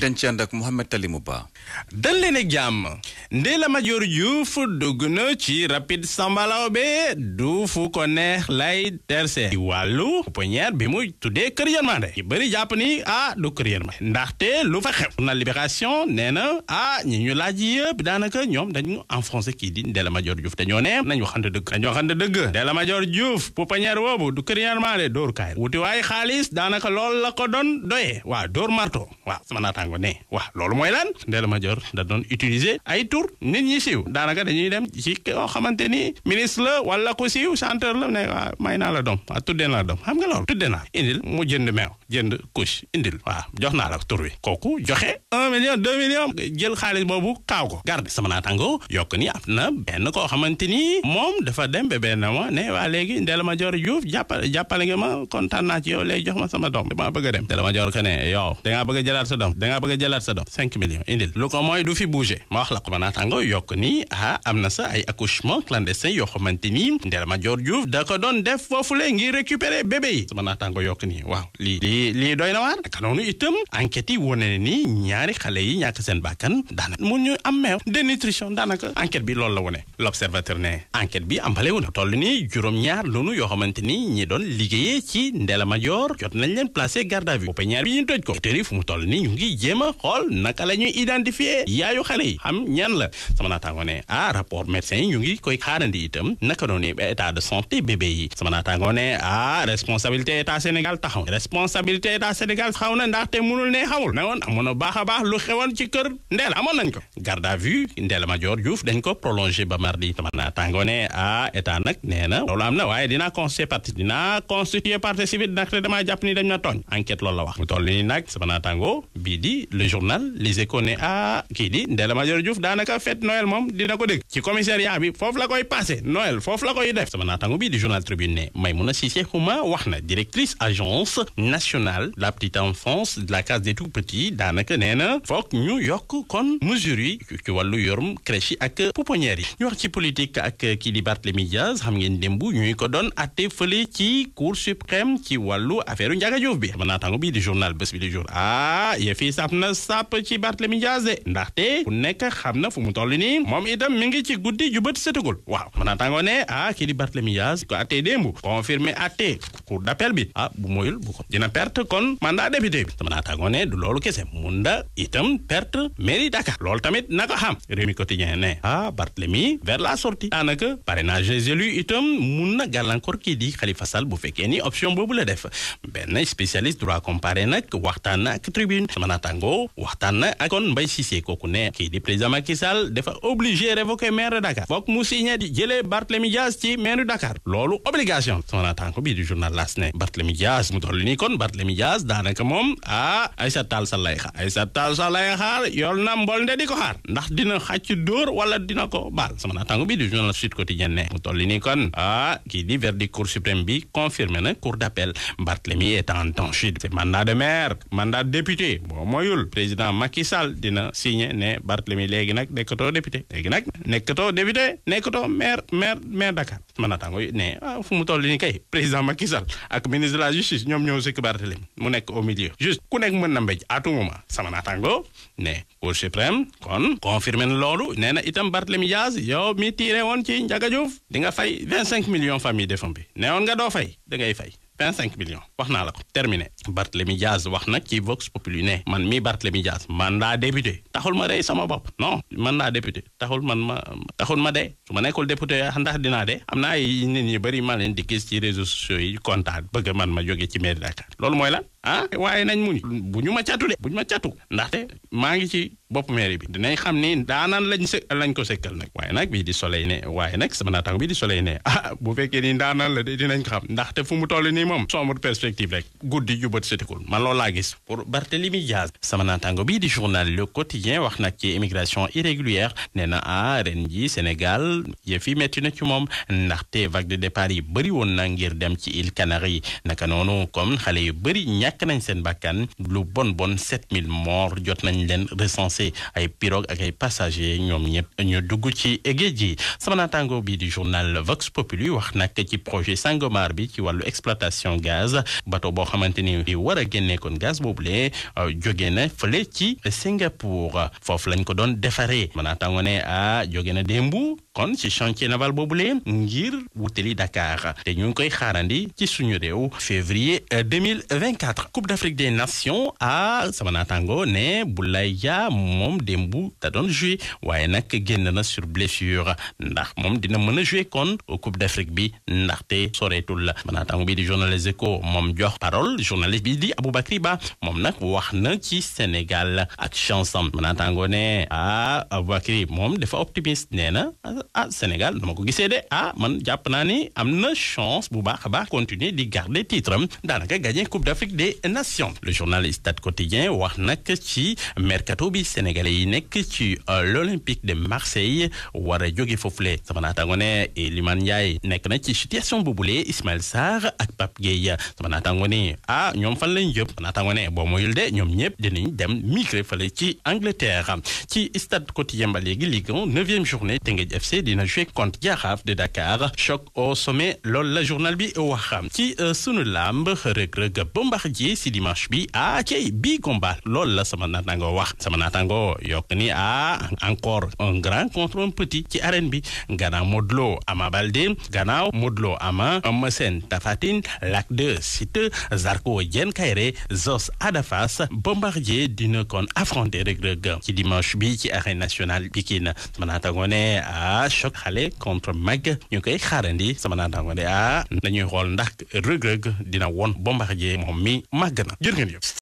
dañ ci ànd ak Mouhamed Talimou Ba. dal leen ak jàmm Ndella Madior Diouf dugg na ci rapide sambalaw be du fu ko neex lay terse di wàllu pouponnière bi mu tuddee kër yërmande yi bëri jàpp ni ah du kër yërmande ndaxte lu fa xew na libération nee na ah ñi ñu laaj yëpp daanaka ñoom dañu enfoncé kii di Ndella Madior Diouf dañoo ne nañu waxante dëgg dañu waxante dëgg Ndella Madior Diouf pouponnière boobu du kër yërmande dóor kaay wuti waaye xaalis daanaka lool la ko doon doyee waa dóor marto waaw naataango ne wax loolu mooy lan Ndella Madior da doon utiliser ay tur nit ñi siiw daanaka dañuy dem ci koo xamante ni ministre la wala siiw chanteur la ne waaw may naa la doom waaw tuddee naa la doom xam nga loolu tuddee naa indil mu jënd meew jënd couche indil waaw jox naa la tur wi kooku joxe un million deux millions jël xaalis boobu kaaw ko garde sama naataango yokk ni am na benn koo xamante ni moom dafa dem ba benn ma ne waa léegi Ndella Madior Diouf jàppale naa ci ma sama doom dama bëgg a dem Ndella Madior ne yow dangaa bëgg a jëlaat sa ngaa bëgg a jëlaat sa doom cinq millions indil lu ko mooy du fi bouger ma wax la ko ma naataango yokk ni ah am na sa ay accouchement clandestin yoo xamante da ko doon def foofule ngir récupérer bébé yi sama naataango yokk nii waaw lii lii lii doy na waar juróom-ñaar lunu yoo xamante ni ñi doon liggéeyee ci Ndella jot nañ leen placé garde à vue ñaar bi ñu toj ko fu mu toll ni ñu ngi jéem a xool naka la ñuy identifier yaayu xale yi xam ñan la sama naataango ne ah rapport médecin yi ñu ngi koy xaarandi itam naka noonu état de santé bébé yi sama naataango ne ah responsabilité état Sénégal taxaw responsabilité état Sénégal xaw na ndaxte munul ne xamul na woon amoon na baax a baax lu xewoon ci kër Ndella amoon nañ ko garde à vue Ndella Madior Diouf dañ ko prolongé ba mardi sama naataango ne ah état nag nee na loolu am na waaye dinaa constituer partie dinaa constituer partie civile ndaxte ni dañ na tooñ enquête loolu la wax mu toll nii bi le journal Les Échos ne ah kii di Ndella Madior Diouf daanaka fête Noël moom dina ko dégg ci commissariat bi foofu la koy passé Noël foofu la koy def sama naataango bi di journal Tribune ne Maïmouna Cissé Kouma wax na directrice agence nationale la petite enfance de la case des tout-petits daanaka nee na foog ñu yokk kon mesures yi ci wàllu yorum crèche yi ak pouponnière yi ñu wax ci politique ak kii di Barthélémy Dias xam ngeen démb ñuy ko doon atte fële ci cour suprême ci wàllu affaire Ndiaga Diouf bi sama taf na sàpp ci Barthélemy Dias de ndaxte ku nekk xam na fu mu toll nii moom itam mi ngi ci guddi ju bët waaw mën naa tàngoo ne ah kii di Barthélemy Dias ko attee démb bi a ah, bu moyul bu ko dina perte kon mandat député bi mën naa tàngoo ne du loolu kese mun na itam perte mairie Dakar loolu tamit na ko xam réew mi quotidien ne a ah, Barthélemy vers la sortie daanaka parrainage des élus itam mun na gàllankoor kii di Khalifa bu fekkee ni option boobu la def benn spécialiste droit naataango waxtaan na ak kon Mbaye Cissé kooku ne kii di président Macky Sall dafa obligé révoquer maire de Dakar foog mu signé di jëlee Barthélemy Dias ci maire de Dakar loolu obligation sama naataango bii di journal L'As ne Barthélemy Dias mu toll nii kon Barthélemy Dias daanaka moom ah Aïssata Tall Sall lay lay xaar yor na mbol nde di ko xaar ndax dina xàcc dóor wala dina ko baal sama naataango bii di journal Sud Quotidien ne mu toll nii kon ah kii di verdict cour suprême na cour d'appel Barthélemy est moyul président Macky Sall dina signé ne Barthélemy léegi nag nekkatoo député léegi nag nekkatoo député nekkatoo maire maire maire Dakar man naataango yi ne ah, fu mu toll nii kay président Macky Sall ak ministre de la justice ñoom ñoo sëkk Barthélemy mu nekk au milieu juste ku nekk mën na mbéj à tout moment sama naataango ne Cour suprême kon confirmé loolu nee na itam Barthélemy Diaz yow mi tiire woon ci Ndiaga Diouf di nga fay vingt cinq millions famille de famille bi ne woon nga doo fay da ngay fay 25 millions wax naa la ko terminé Barthélemy Diaz wax na ci Vox Populi ne man mii Barthélemy man laa député taxul ma rey sama bopp non mandat député taxul man ma taxul ma de su ma nekkul député ndax dinaa de am na ay nit ñu bëri ma leen di gis ci réseaux sociaux yi kontaan bëgg man ma jóge ci mairie Dakar loolu mooy la ah waaye nañ muñ bu ñu ma catu de bu ñu ma catu ndaxte maa ngi ci bopp mairie bi dinañ xam ni daanaan lañ se lañ ko sekkal nag waaye nag bii di soleil ne waaye nag sama naataango bii di soleil ne ah bu fekkee ni daanaan la de dinañ xam ndaxte fu mu toll nii moom sombre perspective rek guddi ju bët setikul man loolu laa gis pour Barthélemy Diaz sama naataango bii di journal Le Quotidien wax nag ci immigration irrégulière nee na ah ren ji Sénégal yëf yi métti na ci moom ndaxte vague de départ yi bëri woon na ngir dem ci îles Canaries naka noonu comme xale yu bëri ñàkk nañ seen bakkan lu bon bon 7000 morts jot nañ leen recensé ay pirogue ak ay passagers ñoom ñëpp ñu dugg ci géej ji sama naataango bi di journal Vox Populi wax nag ci projet Sangomar bi ci wàllu exploitation gaz bateau boo xamante ni war a génnee kon gaz boobu lee euh, jóge na fële ci Singapour foofu lañ ko doon defaree sama naataango ne ah jóge na démb kon ci chantier naval boobule ngir wutali Dakar te ñu koy xaarandi ci suñu réew février euh, Coupe d'Afrique des Nations ah sama naataango ne Boulaye Dia moom démb da doon joué waaye nag génn na sur blessure ndax moom dina mën a joué kon Coupe d'Afrique bi ndaxte soreetul la sama naataango bi di journaliste Écho moom jox parole journaliste bi di Aboubacry Ba moom nag wax na ci Sénégal ak chance am sama naataango ne a ah Aboubacry moom dafa optimiste nee na ah Sénégal dama ko gisee de a ah, man jàpp naa ni am na chance bu baax a baax continuer di garder des nations le journal Stade Quotidien wax nag ci mercato bi sénégalais yi nekk ci euh, l'Olympique de Marseille war a jóge foofule sama naataango ne Iliman Ndiaye nekk na ci situation boobule Ismaël Sarr ak Pape Gueye sama naataango ne ah ñoom fan lañ jëm sama naataango ne boo moyul de ñoom ñëpp dinañ dem migré fale ci Angleterre ci Stade Quotidien ba léegi Ligue 1 neuvième journée Teungueth FC dina jouer contre Jaraaf de Dakar choc au sommet loolu la journal bi wax ci euh, sunu lamb ci si dimanche bi ah kay bii combat loolu la sama naataango wax sama naataango yokk ni ah encore un grand contre un petit ci arène bi gannaaw Modou Ama Baldé gannaaw Modou Lo Ama Eumeu Sène Tapha Tine Lac 2 Siteu Zarko Diène Kairé Zoss Ada Bombardier dina kon affronter Reug Reug ci dimanche bi ci arène nationale Pikine sama naataango ne ah choc xale contre mag ñu koy xaarandi sama naataango ne ah dañuy xool ndax Reug Reug dina won Bombardier moom mi màgg na jërë ngeen yëpp